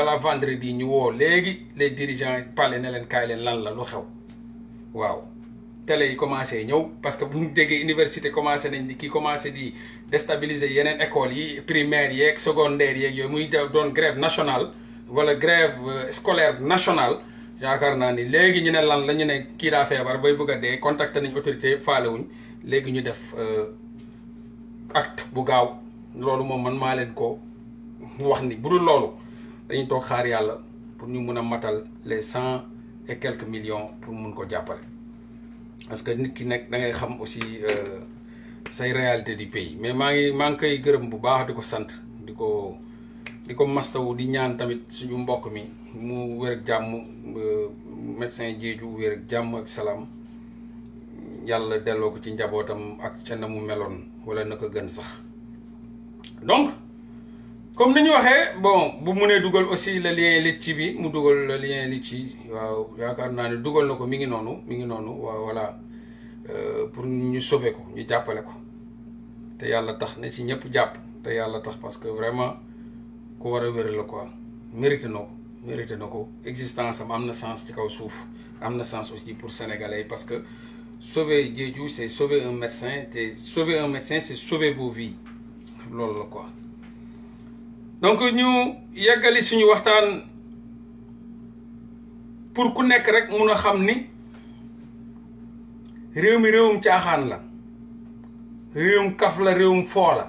balaa vendredi ñu woo léegi les dirigeants parler ne leen kaay leen lan la lu xew waaw tele yi commencé ñëw parce que bu ñu déggee université commencé nañ di kii commencé di déstabiliser yeneen école yi primaire yeeg secondaire yeeg yooyu muy doon grève nationale wala grève euh, scolaire national yaakaar naa ni léegi ñu ne lan la ñu ne kii daa feebar bay bëgg a dee contacté nañ autorité faalewuñ léegi ñu def euh, acte bu gaaw loolu moom man maa leen ko wax ni bu loolu dañuy toog xaar yàlla pour ñu mun a matal les cent et quelques millions pour mun ko jàppale parce que nit ki nekk da ngay xam aussi euh, say réalité du pays mais maa ngi maa ngi koy gërëm bu baax di ko sant di ko di ko mastawu di ñaan tamit suñu mbokk mi mu wér ak jàmm médecin jeeju wér ak jàmm ak salaam yàlla delloo ko ci njabootam ak ca na mu meloon wala na ko gën sax comme ni ñu waxee bon bu mënee dugal aussi le lien Litchi bi mu dugal le lien Litchi waaw yaakaar naa ne dugal na ko mi ngi noonu mi ngi noonu waaw voilà euh, pour ñu sauver ko ñu jàppale ko te yàlla tax na ci ñëpp jàpp te yàlla tax parce que vraiment ku war a wér la quoi mérité na ko mérité na ko existence am am na sens ci kaw suuf am na sens aussi pour yi parce que sauver Diédhiou c'est sauver un médecin te sauver un médecin c'est sauver vos loolu la quoi. donc ñu yeggali suñu waxtaan pour ku nekk rek mun a xam ni réew mi réewum caaxaan la réewum kaf la réewum foo la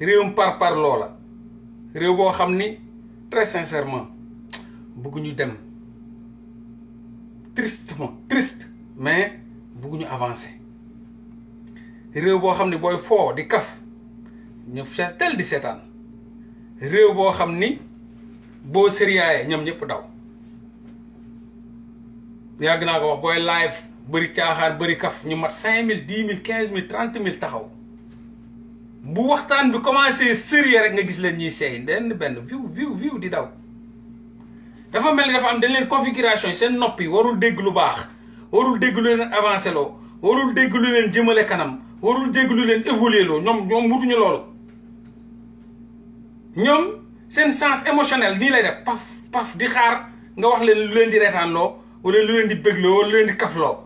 réewum parparloo la réew boo xam ni très sincèrement bëgguñu dem tristement triste mais bëgguñu avancé réew boo xam ni booy foo di kaf ñu fees tel di seetaan réew boo xam ni boo sériyaayee ñoom ñëpp daw yàgg naa ko wax booy live bëri caaxaan bari kaf ñu mat cinq mille dix mille quinze mille trente mille taxaw bu waxtaan bi commencé sérieux rek nga gis leen ñuy seey denn benn viw viw viw di daw dafa mel ni dafa am dañ leen configuration yi seen noppi warul dégg lu baax warul dégg lu leen avancé loo warul dégg lu leen jëmale kanam warul dégg lu leen évolué loo ñoom ñoom wutuñu loolu ñoom seen sens émotionnel nii lay def paf paf di xaar nga wax leen lu leen di reetaanloo wala lu leen di bégloo wala lu leen di kafloo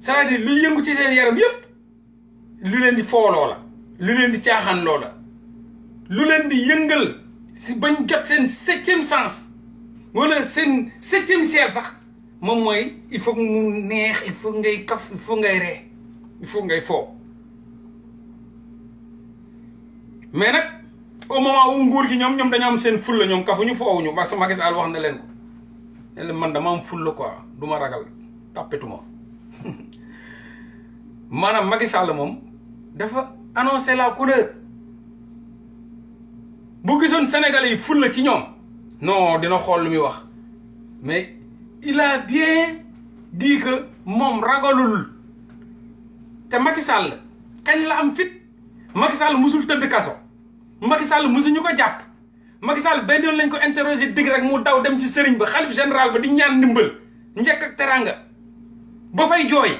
c'est-à-dire luy yëngu ci seen yaram yépp lu leen di fooloo la lu leen di caaxaanloo la lu leen di yëngal si bañ jot seen septième sens wala seen septième ciel sax moom mooy il faut mu neex il faut ngay kaf il faut ngay ree il faut ngay foo mais nag au moment wu nguur gi ñoom ñoom dañoo am seen fulla ñoom kafuñu foowuñu parce que Macky Sall wax na leen ne leen man dama am fulla quoi du ma ragal tàppetuma maanaam Macky Sall moom dafa annoncé la couleur bu gisoon Sénégalais yi fulla ci ñoom non dina xool lu wax mais il a bien dit que moom ragalul te Macky Sall kañ la am fit Macky Sall musul tëdd kaso Macky Sall ñu ko jàpp Macky Sall benn yoon lañ ko interroger dëgg rek mu daw dem ci sëriñ ba xalif général ba di ñaan ndimbal njëkk ak teranga ba fay jooy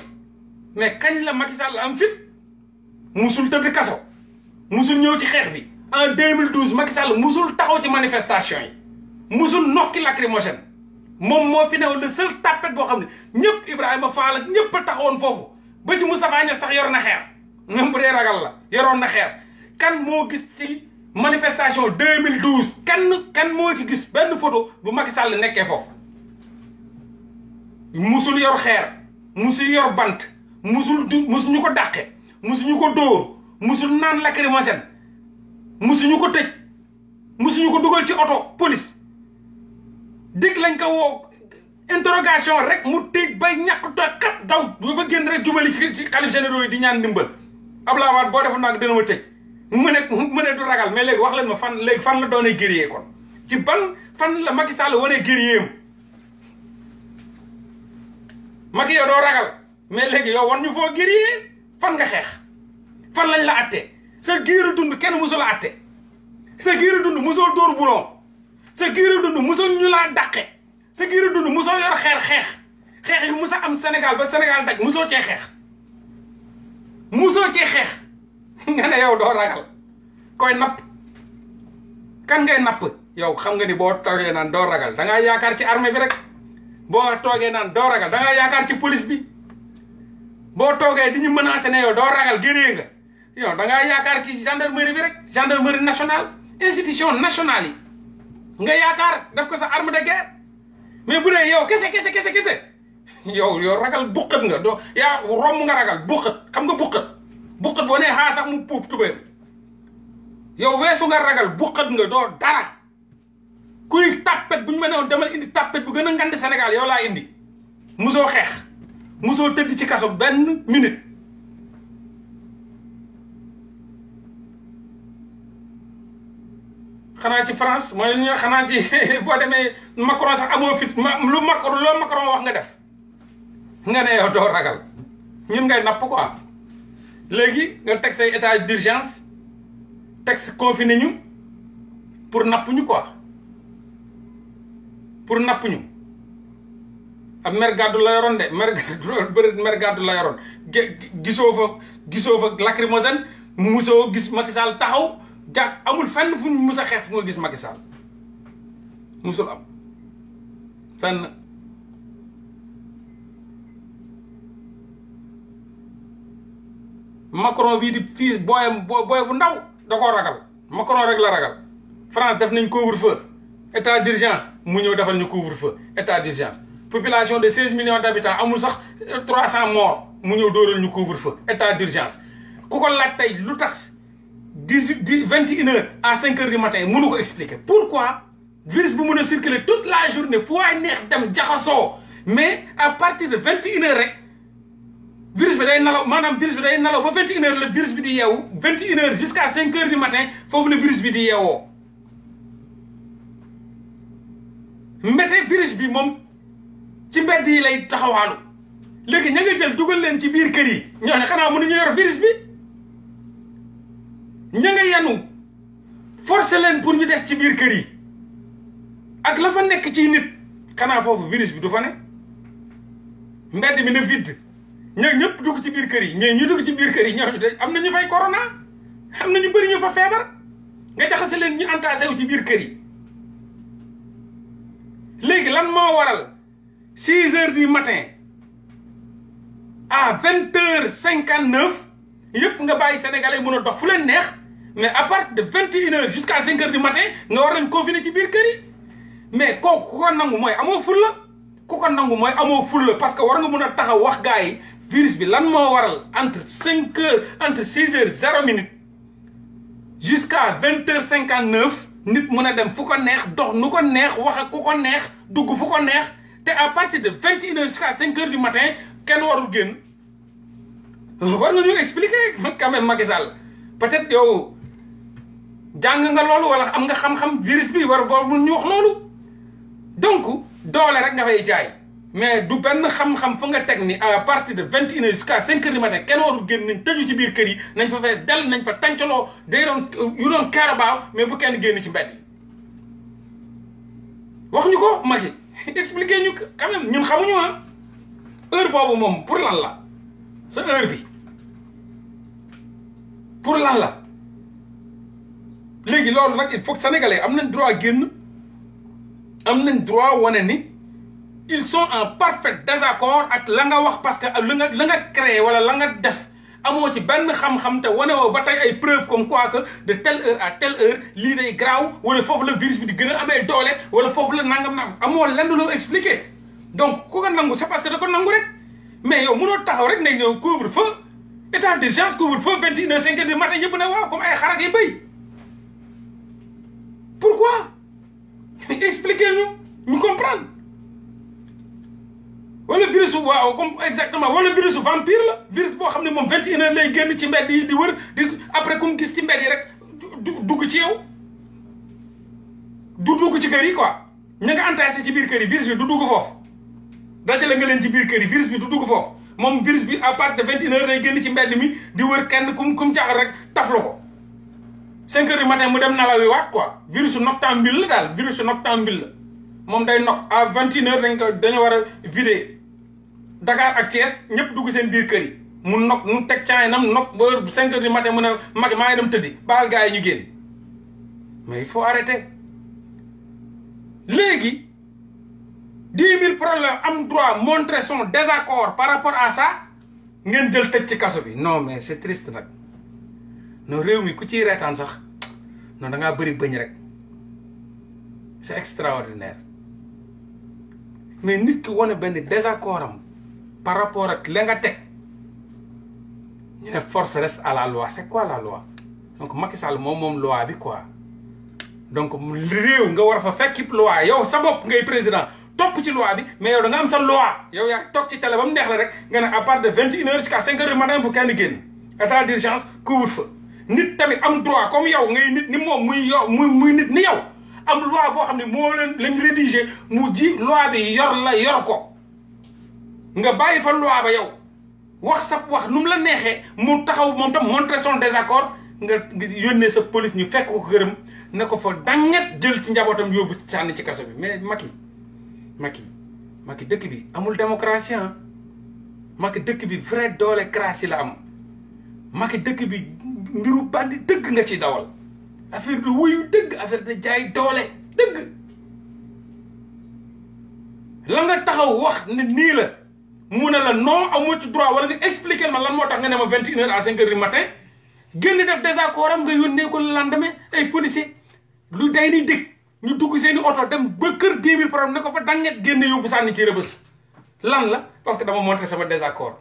mais kañ la Macky Sall am fit musul tëdd kaso musul ñëw ci xeex bi en 2012 Macky Sall musul taxaw ci manifestation yi musul nokki lacrymogène moom moo fi newoon le seul tapet boo xam ne ñëpp Ibrahima Fall ak ñëpp a taxawoon foofu ba ci Moustapha Niasse sax yor na xeer même bu dee ragal la yoroon na xeer kan moo gis ci manifestation 2012 kan kan moo ci gis benn photo bu Macky Sall nekkee foofu musul yor xeer musul yor bant musul du musul ñu ko dàqe musul ñu ko dóor musul naan lacrymogène musul ñu ko tëj musul ñu ko dugal ci oto police dikk lañ ko woo interrogation rek mu tëj bay ñàkk toj xat daw ba fa génn rek jubali ci ci xalif généraux yi di ñaan ndimbal Abdoulaye Wade boo defoon nag dina ma tëj mu ne mu ne du ragal mais léegi wax leen ma fan léegi fan la doonee guerrier kon ci ban fan la Macky Sall wanee guerrier am Macky yow doo ragal mais léegi yow wan ñu foo guerrier fan nga xeex fan lañ la atte sa giiru dund kenn musul la atte sa giiru dund musoo dóor bulon sa giiru dund laa dàqe sa giiru dund musoo yor xeer xeex xeex yi musa am Sénégal ba Sénégal daj musoo cee xeex musoo ci xeex nga ne yow doo ragal koy napp kan ngay napp yow xam nga ni boo toogee naan doo ragal da ngaa yaakaar ci armée bi rek boo toogee naan doo ragal da ngaa yaakaar ci police bi boo toogee di ñu menacé ne yow doo ragal gënee nga yow da ngaa yaakaar ci gendarmerie bi rek gendarmerie nationale institution nationale yi nga yaakaar def ko sa arme de guerre mais bu dee yow kese kese kese kese. yow yow ragal buqat nga doo yaa romb nga ragal buqat xam nga buqat buqat boo nee xaa sax mu puub tubéen yow weesu nga ragal buqat nga doo dara kuy tàppet bu ñu ma ne woon demal indi tàppet bu gën a ngand senegal yow laa indi musoo xeex musoo tëdd ci kaso benn minute xanaa ci France mooy li ñuy xanaa ci boo demee Macron sax amoo fit lu Macron loo Macron wax nga def nga ne yow doo ragal ñun ngay napp am léegi nga teg say état d'urgence teg si confiné ñu pour napp ñu quoi pour napp ñu ab mer gàddu la yoroon de mer gàddu bëri la yoroon gisoo fa gisoo fa lacrymogène musoo gis Macky Sall taxaw jàpp amul fenn fu mu mus a xeex fu nga gis Macky Sall musul am fenn. Macron bii di fii booyam booy bu ndaw da koo ragal Macron rek la ragal France def nañ couvre-feu état d'urgence mu ñëw defal ñu couvre-feu état d'urgence population de 16 millions d'habitants amul sax 300 euh, morts mu ñëw dóoral ñu couvre-feu état d'urgence ku ko laaj tey lu tax dix-huit dix vingt une heures à cinq heures du matin mënu ko expliquer pourquoi virus bu mën a circuler toute la journée fu waay neex dem jaxasoo mais à partir de vingt et une heures virus bi day nalaw maanaam virus bi day nalaw ba vingt et une heures la virus bi di yeewu vingt et une heures jusqu'à cinq heures du matin foofu la virus bi di yeewoo mbete virus bi moom ci mbedd yi lay taxawaalu léegi ña nga jël dugal leen ci biir kër yi ñoo ne xanaa mënuñu yor virus bi ña yenu yanu leen pour ñu des ci biir kër yi ak la fa nekk ci nit xanaa foofu virus bi du fa ne mbedd mi na vide ñoo ñëpp dugg ci biir kër yi mais ñu dugg ci biir kër yi ñooñu de am na ñu fay corona am na ñu bëri ñu fa feebar nga jaxase leen ñu entassé wu ci biir kër yi. léegi lan moo waral six heures du matin a vingt heures cinquante neuf yëpp nga bàyyi sénégalais mun a dox fu leen neex mais à partir de vingt et une heures jusqu'à cinq du matin nga war leen confiner ci biir kër mais kooku ko nangu mooy amoo ful la. ku ko nangu mooy amoo fulla parce que war nga mun a taxaw wax gaa yi virus bi lan moo waral entre cinq heures entre six heures zéro minute jusqu'à vingt heures cinquante neuf nit mun a dem fu ko neex dox nu ko neex wax ak ku ko neex dugg fu ko neex te à partir de vingt et une heures jusqu'à cinq heures du matin kenn warul génn war nga ñu expliquer quand même Macky peut-être yow jàng nga loolu wala am nga xam-xam virus bi war boo mun ñu wax loolu donc doole rek nga fay jaay mais du benn xam-xam fu nga teg ni à partir de vingt et une heures jusqu'à cinq heures du matin kenn warul génn nañ tëju ci biir kër yi nañ fa fay dal nañ fa tàncaloo day doon euh, yu doon kaarabaaw mais bu kenn génn ci mbedd yi wax ñu ko Macky expliqué ñu quand même ñun xamuñu ah heure boobu moom pour lan la sa heure bi pour lan la léegi loolu nag il faut que sénégalais am nañ droit génn am nañ droit wane ni ils sont en parfait désaccord ak la nga wax parce que la nga la nga créé wala la nga def amoo ci benn xam-xam te wane woo ba tey ay preuve comme quoi que de telle heure à telle heure lii day graaw wala foofu la virus bi di gën a amee doole wala foofu la nangam nangam amoo lenn loo expliqué donc ku ko nangu c'est parce que da ko nangu rek mais yow mënoo taxaw rek ne ñëw couvre feu état d'urgence couvre feu vingt et une heures cinq heures du matin ñëpp ne ay xarak yi béy expliquez-nous ñu comprendre wala virus bu waaw comme exactement wala virus bu vampire la virus boo xam ne moom vingt et une heures lay ci mbedd yi di wër di après comme mu gis ci mbedd yi rek dugg ci yow du dugg ci kër yi quoi ñu nga entassé ci biir kër yi virus bi du dugg foofu dajale nga leen ci biir kër yi virus bi du dugg foofu moom virus bi à partir de vingt et une heures lay ci mbedd mi di wër kenn kum kum caaxal rek taflu ko cinq heures du mu dem nalawi waat quoi virus noctambule la daal virus noctambule la moom day noq à vingt une heures dañ war a vider Dakar ak Thiès ñëpp dugg seen biir mu noq mu teg caay nam noq ba heure cinq heures du matin mu ne mag maa dem tëddi baal gars yi ñu génn mais foo faut arrêter léegi dix mille problèmes am droit montrer son désaccord par rapport à ça ngeen jël tëj ci kaso bi non mais c'est triste nag non réew mi ku ciy reetaan sax non da ngaa bëri bëñ rek c'est extraordinaire mais nit ki wone benn désaccord am par rapport ak la nga teg ñu ne force reste à la loi c'est quoi la loi donc Macky Sall moom moom loi bi quoi donc réew nga war fa fekkib loi yaw sa bopp ngay président topp ci loi bi mais yow da nga am sa loi yow yaa toog ci télé ba mu neex la rek nga ne à partir de vingt et une heures jusqu'à cinq heures du matin bu kenn génn état d'urgence couvre-feu nit tamit am droit comme yow ngay nit ni moom muy yow muy muy nit ni yow am loi boo xam ne moo leen lañ rédigé mu ji loi bi yor la yor ko nga bàyyi fa loi ba yow wax sa wax nu mu la neexee mu taxaw moom tam montré son désaccord nga yónnee sa police ñu fekk ko këram ne ko fa danget jël ci njabootam yóbbu sànni ci kaso bi mais Macky Macky Macky dëkk bi amul démocratie ah Macky dëkk bi vrai doole crasse la am Macky dëkk bi. mbiru bandi dëgg nga ci dawal affaire de wuyu dëgg affaire de jaay doole dëgg la nga taxaw wax ne nii la mu ne la non amu ci droit wala nga expliquer ma lan moo tax nga ne ma vingt et une heures à cinq heures du matin génn def désaccord am nga yónnee ko lan lendemain ay policier lu day ni dëgg ñu dugg seeni oto dem ba kër dix mille ne ko fa danget génne yóbbu sànni ci rëbës lan la parce que dama montré sama désaccord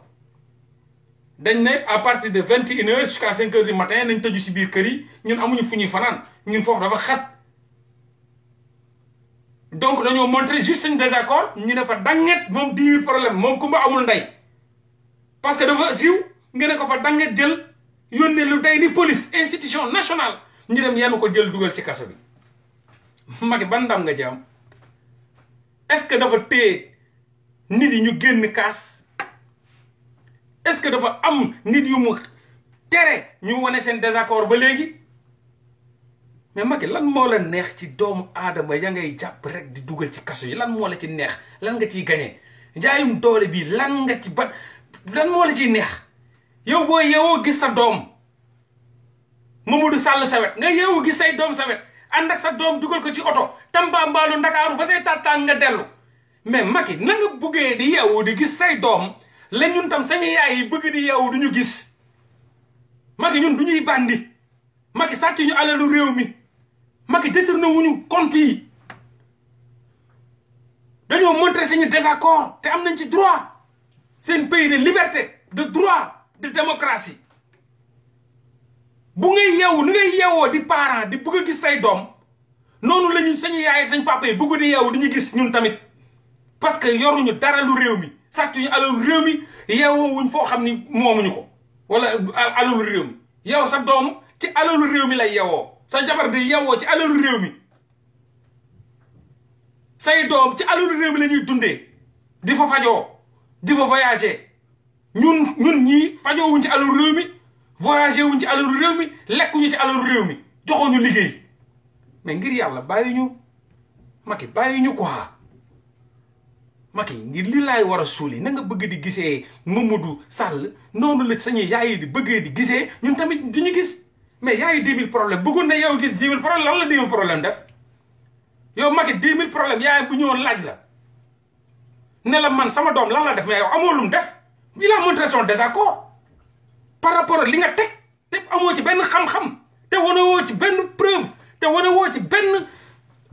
dañ ne à partir de vingt et une heures jusqu'à cinq heures du matin nañ tëju ci biir kër yi ñun amuñu fu ñuy fanaan ñun foofu dafa xat donc dañoo montré juste suñu désaccord ñu ne fa danget moom diir problème moom kumba amul ndey parce que dafa siiw nga ne ko fa danget jël yónnee lu day ni police institution nationale ñu dem yenu ko jël dugal ci kaso bi Macky ban ndam nga ci am est-ce que dafa téye nit yi ñu génn kaas est-ce que dafa am nit yu mu tere ñu wane seen désaccord ba léegi mais Macky lan moo la neex ci doomu aadama ya ngay jàpp rek di dugal ci kaso yi lan moo ci neex lan nga ciy gañee jaayum doole bii lan nga ci ba lan moo la neex yow boo yeewoo gis sa doom Mamadou Sall sa sawet nga yeewoo gis say doom sawet wet ànd sa doom dugal ko ci oto Tamba Ndakaaru ba say tàttaan nga dellu mais Macky na nga buggee di yeewoo di gis say doom leen ñun tam sañu yaay yi bëgg di yow du ñu gis Macky ñun du ñuy bandi Macky sàcc ñu alalu réew mi Macky détourné wuñu compte yi dañoo montré suñu désaccord te am nañ ci droit seen pays de liberté de droit de démocratie bu ngay yeewu ni ngay yeewoo di parent di bëgg a gis say doom noonu la ñu sañu yaay sañ papa yi bëgg di yeewu di ñu gis ñun tamit parce que yoruñu dara lu réew mi sàccuñu alalu réew mi yeewoowuñ foo xam ni moomuñu ko wala alalu réew mi yow sa doom ci alalu réew mi lay yeewoo sa jamar di yeewoo ci alalu réew mi say doom ci alalu réew mi la ñuy dundee di fa fajoo di fa voyager ñun ñun ñii fajoowuñ ci alalu réew mi voyager wuñ ci alalu réew mi lekkuñu ci alalu réew mi joxooñu liggéey mais ngir la bàyyi ñu Macky bàyyi ñu ko quoi Macky ngir li laay war a suuli na nga bëgg di gisee Mamadou Sall noonu la sañu yaay yi di bëggee di gisee ñun tamit di ñu gis mais yaayu 10 000 problème bëggoon na yow gis 10 000 lan la 10 000 problème def yow Macky 10 000 problème yaay bu ñëwoon laaj la ne la man sama doom lan la def mais yow amoo lum def il a montré son désaccord par rapport li nga teg te amoo ci benn xam-xam te wane woo ci benn preuve te wane woo ci benn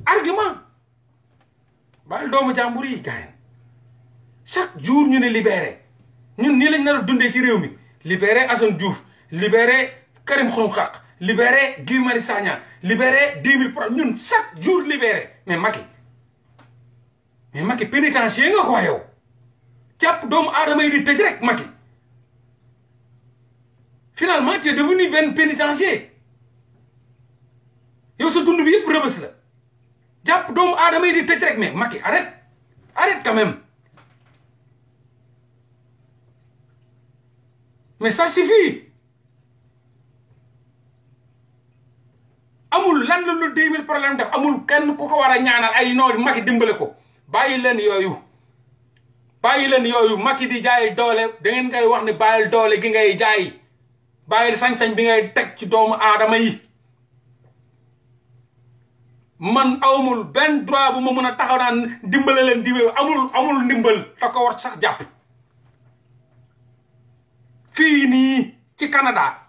argument bàyyi doomu jàmbur yi gaañ chaque jour ñu ne libéré ñun nii lañ nar a dundee ci réew mi libéré Assane Diouf libéré Karim Xrum Xax libéré Guy Marius Sagna libéré dix mille ñu ñun chaque jour libéré mais Macky mais Macky pénitencier nga ko yow doomu aadama yi di tëj rek Macky finalement tu es devenu benn pénitencier yow sa dund bi yëpp rëbës la jàpp doomu aadama yi di tëj rek mais Macky arrête arrête quand mais ça suffit amul lan lu dix mille problème def amul kenn ku ko war a ñaanal ay noo Macky dimbale ko bàyyi leen yooyu bàyyi leen yooyu Macky di jaay doole da ngeen koy wax ni bàyyil doole gi ngay jaay bàyyil sañ-sañ bi ngay teg ci doomu aadama yi man awmul benn droit bu ma mën a taxaw dimbale leen dimbale amul amul ndimbal ta ko war sax jàpp fii nii ci Canada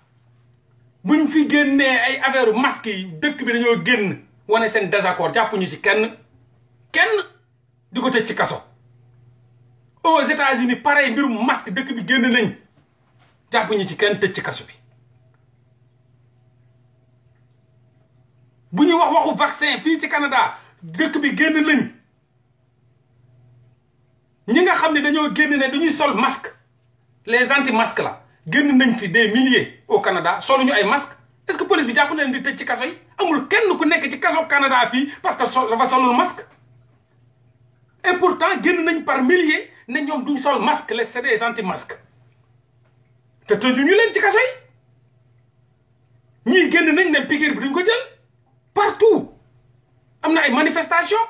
buñ fi génnee ay affaire masque yi dëkk bi dañoo génn wane seen désaccord jàppuñu ci kenn kenn di ko tëj ci kaso aux États-Unis pareil mbirum masque dëkk bi génn nañ jàppuñu ci kenn tëj ci kaso bi bu ñu wax waxu vaccin fii ci Canada dëkk bi génn nañ ñi nga xam ne dañoo génn ne du ñuy sol masque les anti-masques là génn nañ fi des milliers au Canada ñu ay masques est-ce que police bi jàpp na leen di tëj ci kaso amul kenn ku nekk ci kaso Canada fi parce que sol dafa solul masque. et pourtant génn nañ par milliers ne ñoom duñ sol masque le c'est des anti-masques te ñu leen ci kaso ñii génn nañ ne piqûre bi duñ ko jël partout am na ay manifestations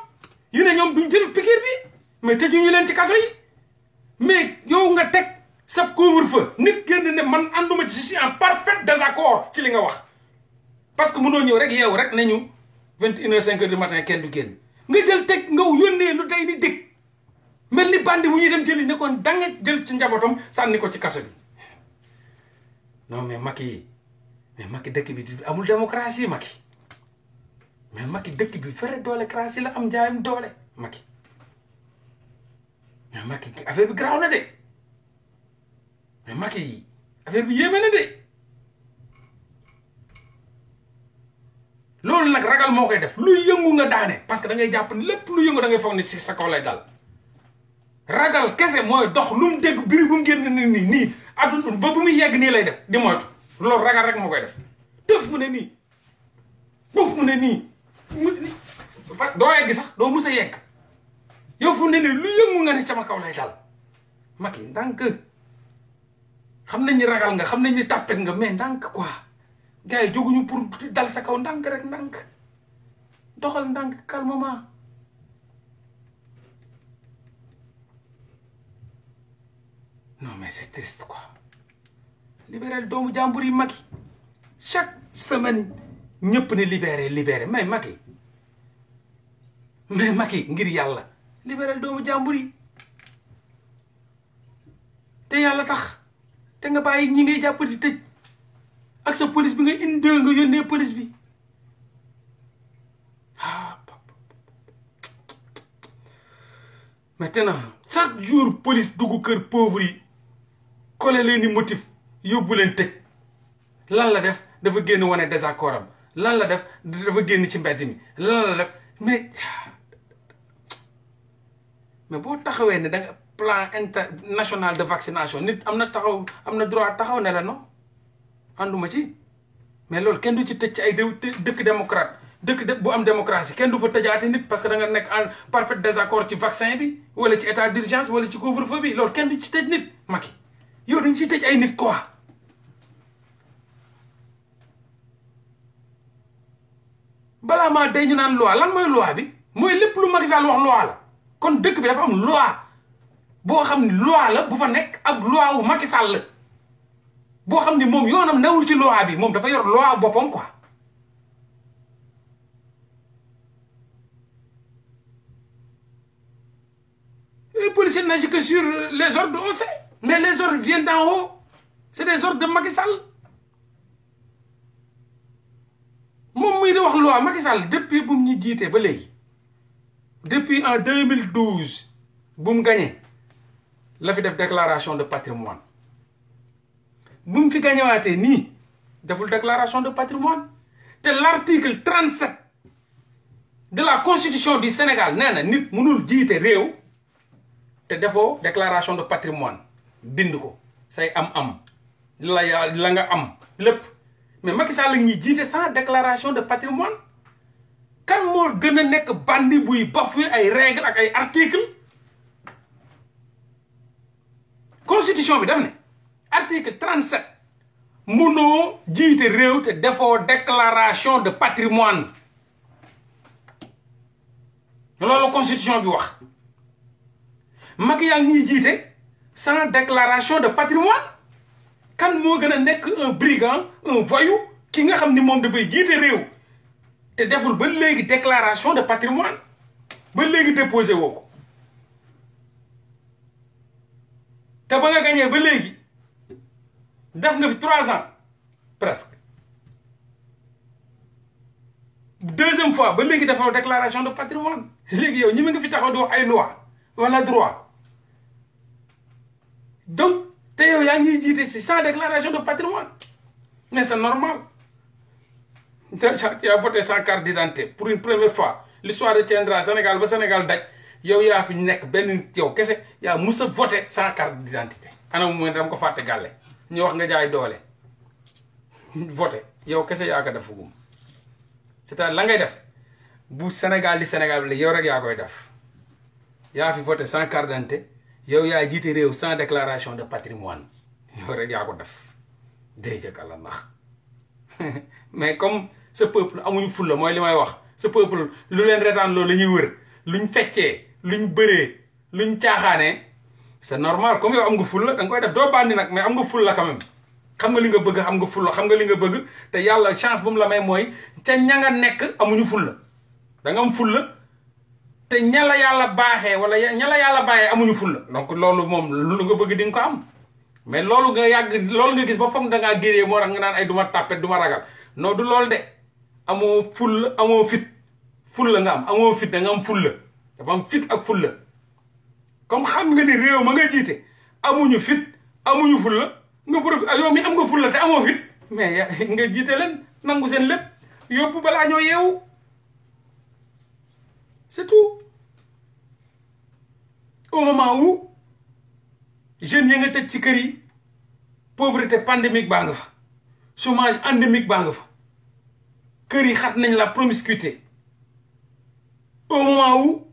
yu ne ñoom duñ jël piqûre bi mais tëjuñu leen ci kaso yi mais yow nga teg. sa couvre-feu nit génn ne man ànduma ci je suis en parfait désaccord ci li nga wax parce que mënoo ñëw rek yow rek nañu vingt une heure cinq heures matin kenn du génn nga jël teg nga yónnee lu day ni dégg mel ni bandi wu ñuy dem jëli ne ko da jël ci njabootam sànni ko ci kaso bi non mais Macky mais Macky dëkk bi amul démocratie Macky mais Macky dëkk bi fere doole cratie la am njaayam doole Macky mais Macky affaire bi garaaw na de mais Macky yi affaire bi yéeme na de loolu nag ragal moo koy def luy yëngu nga daane parce que da ngay jàpp ni lépp lu yëngu da ngay foog ni si sa kaw lay dal ragal kese mooy dox lu mu dégg biri bu mu génn nii nii adduna ba bu muy yegg nii lay def di moytu loolu ragal rek moo koy def tëf mu ne nii buuf mu ne nii mu doo yegg sax doo mus a yegg yow fu ne nii lu yëngu nga ne sama kaw lay dal Macky ndànk xam nañ ni ragal nga xam nañ ni tàppet nga mais ndànk ko gars yi jóguñu pour dal sa kaw ndànk rek ndànk doxal ndànk calmement non mais c'est triste quoi libéral doomu jàmbur yi Macky chaque semaine ñëpp ni libéré libéré mais Macky mais Macky ngir yàlla libéral doomu jàmbur yi te yàlla tax te nga bàyyi ñi ngi jàppale di tëj ak sa police bi nga indil nga yónnee police bi ah, maintenant chaque jour police dugg kër pauvre yi kole leen ni motif yóbbu leen tëj lan la def dafa génn wane désaccord am lan la def dafa génn ci mbedd mi lan la def mais mais boo taxawee ne danga plan international de vaccination nit am na taxaw am na droit taxaw ne la non ma ci mais loolu kenn du ci tëj ci ay dëkk démocrate dëkk bu am démocratie kenn du fa tëjaate nit parce que da nga nekk en parfait désaccord ci vaccin bi wala ci état d'urgence wala ci couvre-feu bi loolu kenn du ci tëj nit Macky yow dañ ciy tëj ay nit quoi balaa maa day ñu naan loi lan mooy loi bi mooy lépp lu Macky Sall wax loi la kon dëkk bi dafa am loi boo xam ni loi la bu fa nekk ak loi wu Macky Sall boo xam ni moom yoonam newul ci loi bi moom dafa yor loi boppam quoi les policiers n'agissent que sur les ordres on sait mais les ordres viennent d'en haut c'est des ordres de Macky Sall moom muy di wax loi Macky Sall depuis bu mu ñu jiitee ba léegi depuis en 2012 bu mu gagné la fi def déclaration de patrimoine bu mu fi gañewaatee nii deful déclaration de patrimoine te l' article 37 de la constitution du Sénégal nee na nit mënul jiite réew te defoo déclaration de patrimoine bind ko say am-am la la nga am lépp mais Macky Sall la ñuy jiite sans déclaration de patrimoine kan moo gën a nekk bandi buy bafoué ay règle ak ay article constitution bi daf ne article 37 munoo jiite réew te defoo déclaration de patrimoine loolu constitution bi wax Macky yaa ngi jiite sans déclaration de patrimoine kan moo gën a nekk un brigand un voyou ki nga xam ni moom dafay jiite réew te deful ba léegi déclaration de patrimoine ba léegi déposé woo ko te ba nga gañee ba léegi def nga fi trois ans presque deuxième fois ba léegi defoo déclaration de patrimoine léegi yow ñi mi nga fi taxaw di wax ay loi wala droit donc te yow yaa ngi jiite si sans déclaration de patrimoine mais c'est normal tu as voté sans carte d'identité pour une première fois l'histoire retiendra Sénégal ba Sénégal daj yow yaa fi nekk benn nit yow kese yaa mus a voté sans carte d'identité ana mooy dama ko fàtte gàlle ñu wax nga jaay doole voté yow kese yaa ko def gum cest à la ngay def bu Sénégal di Sénégal bi la yow rek yaa koy def yaa fi voté sans carte d'identité yow yaa jiite réew sans déclaration de patrimoine yow rek yaa ko def déjëk àlla nax mais comme sa peuple amuñu fulla mooy li may wax ce peuple lu leen retaan loolu la ñuy wër luñ fecce ñu bëree liñ caaxaanee sa normal comme yow am nga fulla da nga koy def doo bàndi nag mais am nga fulla quand même xam nga li nga bëgg xam nga fulla xam nga li nga bëgg te yàlla chance bu mu mooy ca ña nga nekk amuñu fulla da nga am fulla te ña la yàlla baaxee wala ña la yàlla bàyyee amuñu fulla donc loolu moom lu nga bëgg di ko am mais loolu nga yàgg loolu nga gis ba foog dangaa ngaa géree moo tax nga naan ay duma ma tàppet du ma ragal noo du loolu de amoo fulla amoo fit fulla nga am amoo fit da nga am fulla dafa am fit ak fulla comme xam nga ni réew ma nga jiite amuñu fit amuñu fulla nga profité yow mi am nga fulla te amoo fit mais nga jiite leen nangu seen lépp yóbbu balaa ñoo yeewu c'est tout au moment où jeunes yi nga teg ci kër yi pauvreté pandémique baa nga fa chômage endémique baa nga fa kër yi xat nañ la promiscuité au moment où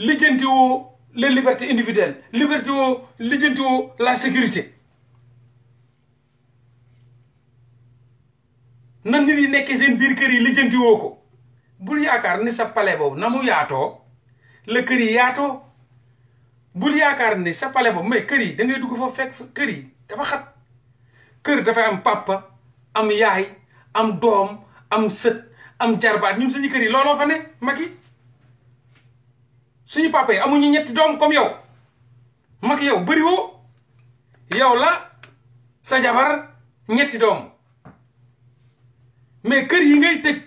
lijjanti woo les libertés individuelles liberté woo lijjanti woo la sécurité nan nit yi nekkee seen biir kër yi lijjanti woo ko bul yaakaar ni sa pale boobu na mu yaatoo la kër yi yaatoo bul yaakaar ni sa pale boobu mais kër yi dangay dugg fa fekk kër yi dafa xat kër dafay am papa am yaay am doom am sët am jarbaat ñun suñu kër yi looloo fa ne mag suñu papa yi amuñu ñetti doom kom yow mag yow bariwoo woo yow la sa jabar ñetti doom mais kër yi ngay tëj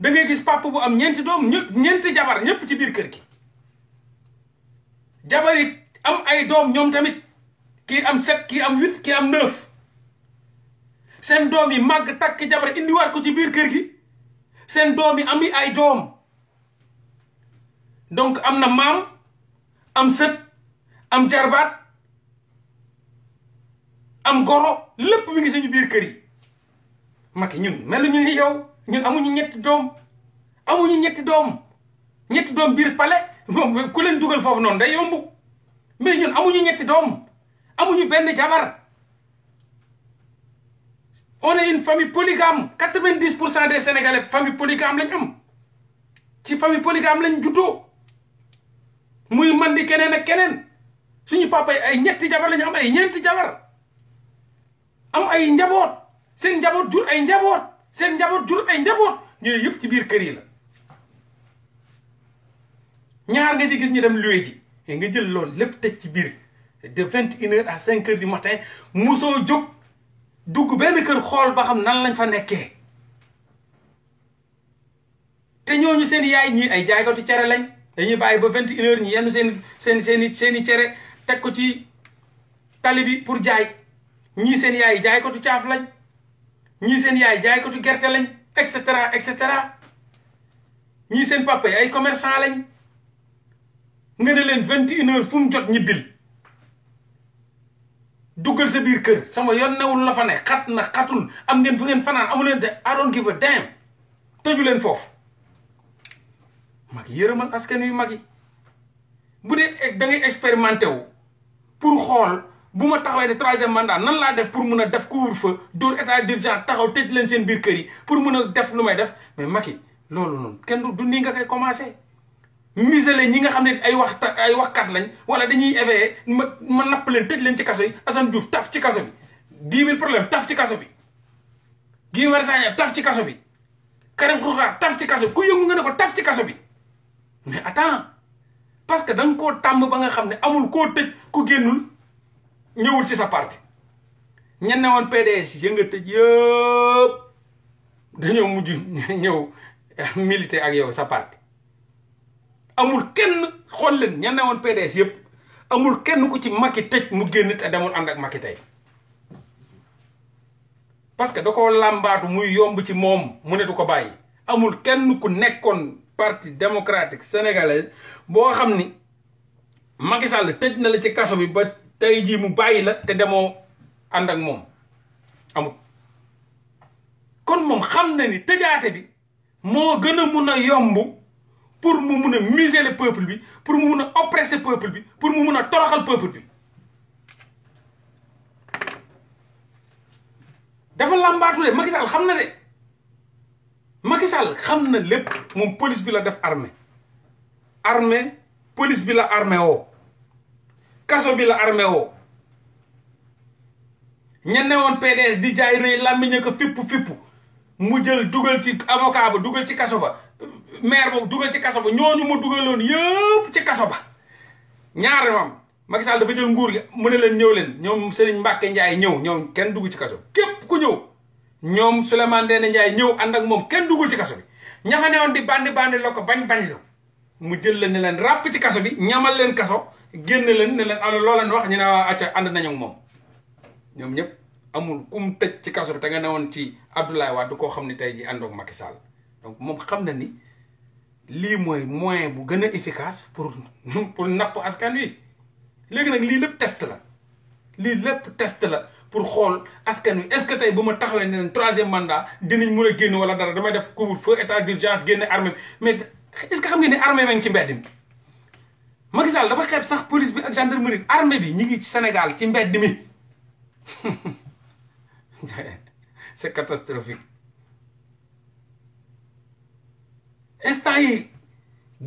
dangay gis papa bu am ñeenti doom ñeenti jabar ñëpp ci biir kër gi jabar yi am ay doom ñoom tamit kii am set kii am huit kii am neuf seen doom yi màgg takk jabar indiwaat ko ci biir kër gi seen doom yi ami ay doom donc am na maam am sët am jarbaat am goro lépp mi ngi suñu biir kër yi Macky ñun meluñu ni yow ñun amuñu ñetti doom amuñu ñetti doom ñetti doom biir palais moom ku leen dugal foofu noonu day yomb mais ñun amuñu ñetti doom amuñu benn jabar on est une famille polygame quatre-vingt-dix pour cent des sénégalais famille polygame lañ am ci famille polygame lañ juddoo muy man di keneen ak keneen suñu papa yi ay ñetti jabar lañu am ay ñenti jabar am ay njaboot seen njaboot jur ay njaboot seen njaboot jur ay njaboot ñu yëpp ci biir kër yi la ñaar nga ci gis ñu dem luwe nga jël lool lépp teg ci biir de vingt une heure à cinq heures du musoo jóg dugg benn kër xool ba xam nan lañ fa nekkee te ñooñu seen yaay ñii ay jaaykatu cere lañ dañuy bàyyi ba vingt et une heures seen seen seeni cere teg ko ci tali bi pour jaay ñii seen yaay jaay ko ci caaf lañ ñii seen yaay jaay ko ci gerte lañ et cetera et cetera ñii seen papa ay commerçant lañ nga leen vingt et une heures fu mu jot ñibbil duggal sa biir kër sama yoon newul la fa ne xat na xatul am ngeen fu ngeen fanaan amu leen de I don't give a damn tëju leen foofu mag yërëmal askan yu mag yi bu dee e, da ngay expérimenté wu pour xool bu ma taxawee ne troisième mandat nan laa def pour mun a def couvre-feu dóor état d'urgence taxaw tëj leen seen biir kër yi pour mun a def lu may def mais Macky loolu noonu kenn du nii nga koy mise miselé ñi nga xam ne ay wax ay waxkat lañ wala dañuy éveillé ma ma napp leen tëj leen ci kaso yi Assane Diouf taf ci kaso bi dix mille problème taf ci kaso bi Guy Marius Sagna taf ci kaso bi Karim Khouroukha taf ci kaso bi ku nga ne ko ci kaso bi mais attends parce que da koo tàmm ba nga xam ne amul koo tëj ku génnul ñëwul ci sa parti ñen ne woon PDS yi nga tëj yëpp dañoo mujj ñëw militer ak yow sa parti amul kenn xool leen ñen ne woon yëpp amul kenn ku ci Macky tëj mu génn te demul ànd ak Macky tey parce que da ko làmbaatu muy yomb ci moom mu ne du ko bàyyi amul kenn ku nekkoon parti démocratique sénégalaise boo xam ni Macky Sall tëj na la ci kaso bi ba tey jii mu bàyyi la te demoo ànd ak moom amul kon moom xam na ni tëjaate bi moo gën a mun a yomb pour mu mun a museler peuple bi pour mu mun a oppresser peuple bi pour mu mun a toroxal peuple bi dafa làmbaatu de Macky xam na de Macky Sall xam na lépp moom police bi la def armée armée police bi la armée woo kaso bi la armée woo ña ne PDS di jaay rëy làmmiñ ko fippu fippu mu jël dugal ci avocat ba dugal ci kaso ba maire boobu dugal ci kaso ba ñooñu ma dugaloon yëpp ci kaso ba ñaari maam Macky Sall dafa jël nguur gi mu ne leen ñëw leen ñoom Serigne Mbacke Ndiaye ñëw ñoom kenn dugg ci kaso képp ku ñëw ñoom Souleymane Ndéné Ndiaye ñëw ànd ak moom kenn dugul ci kaso bi ña di bandi bandi la ko bañ bañ la mu jël leen leen ràpp ci kaso bi ñamal leen kaso génn leen ne leen loo leen wax ñu ne waa acca ànd nañu ak moom ñoom ñëpp amul kum tëj ci kaso bi te nga newoon ci Abdoulaye Wade koo xam ne tey jii àndoog Macky Sall donc moom xam na ni lii mooy moyen bu gën a efficace pour pour napp askan wi léegi nag lii lépp test la lii lépp test la. pour xool askan wi est-ce que tey bu ma taxawee ne leen troisième mandat dinañ mën a génn wala dara damay def couvre-feu état d'urgence génne armée mais est-ce xam ne ni ma ngi ci mbedd mi Macky dafa xeeb sax police bi ak gendarmerie armée bi ñu ngi ci Sénégal ci mbedd mi c'est catastrophique instant yi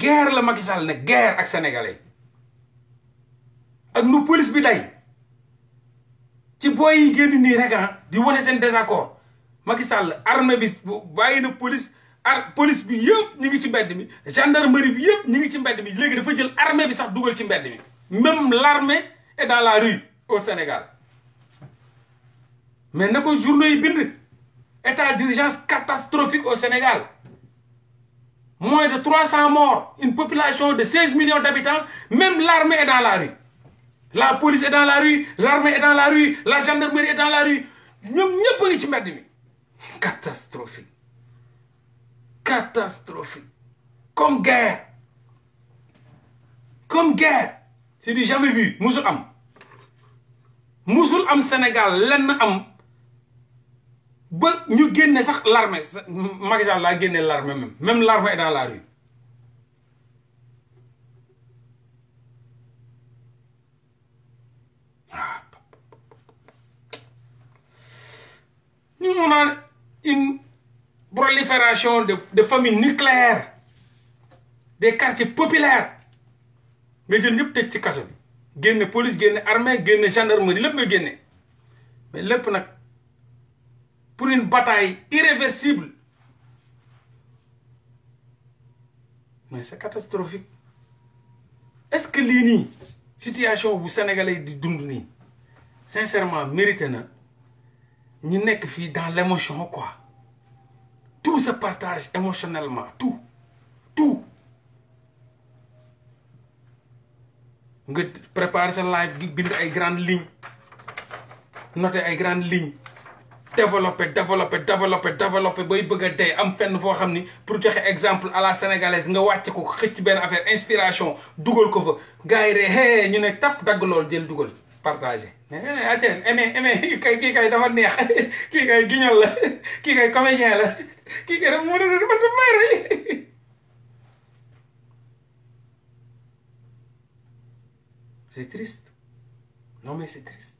guerre la Macky Sall ne guerre ak sénégalais ak nu police bi tey ci booy yi génn nii rek ah di wane seen désaccord Macky Sall armée bi bàyyi na police ar police bi yëpp ñu ngi ci mbedd mi gendarmerie bi yëpp ñu ngi ci mbedd mi léegi dafa jël armée bi sax dugal ci mbedd mi même l'armée est dans la rue au Sénégal mais na ko journaux yi bind état d'urgence catastrophique au Sénégal moins de trois cents morts une population de seize millions d'habitants même l'armée est dans la rue la police est dans la rue l'armée est dans la rue la gendarmerie est dans la rue ñoom ñëpp a ngi ci mbedd mi catastrophique catastrophique comme guerre comme guerre c'est du jamais vu musul am musul am Sénégal lenn am ba ñu génne sax l'armée Macky Sall laa génne l'armée même même l'armée est dans la rue Nous, on a prolifération de, de familles nucléaires, des quartiers populaires. Mais je n'ai peut-être pas génn police génn armée génn gendarmerie lépp nga génne mais lépp nag pour une bataille irréversible mais c'est catastrophique est-ce que lii nii situation bu sénégalais di dund nii sincèrement mérité na ñu nekk fii dans l' émotion quoi tout se partage émotionnellement tout tout nga préparer sa live gi bind ay grandes ligne noter ay grandes lignes développer développer développer développer bay bëgg a am fenn foo xam ni pour joxe exemple à la sénégalaise nga wàcce ko xëcc benn affaire inspiration dugal ko fa gars yi ñu ne tap dagg loolu jël dugal partagé mais ateen aimé aimé kay kii kay dafa neex kii kay guignol la kii kay comédien la kii kay dafa moo doon man daf may rey c'est triste non mais c'est triste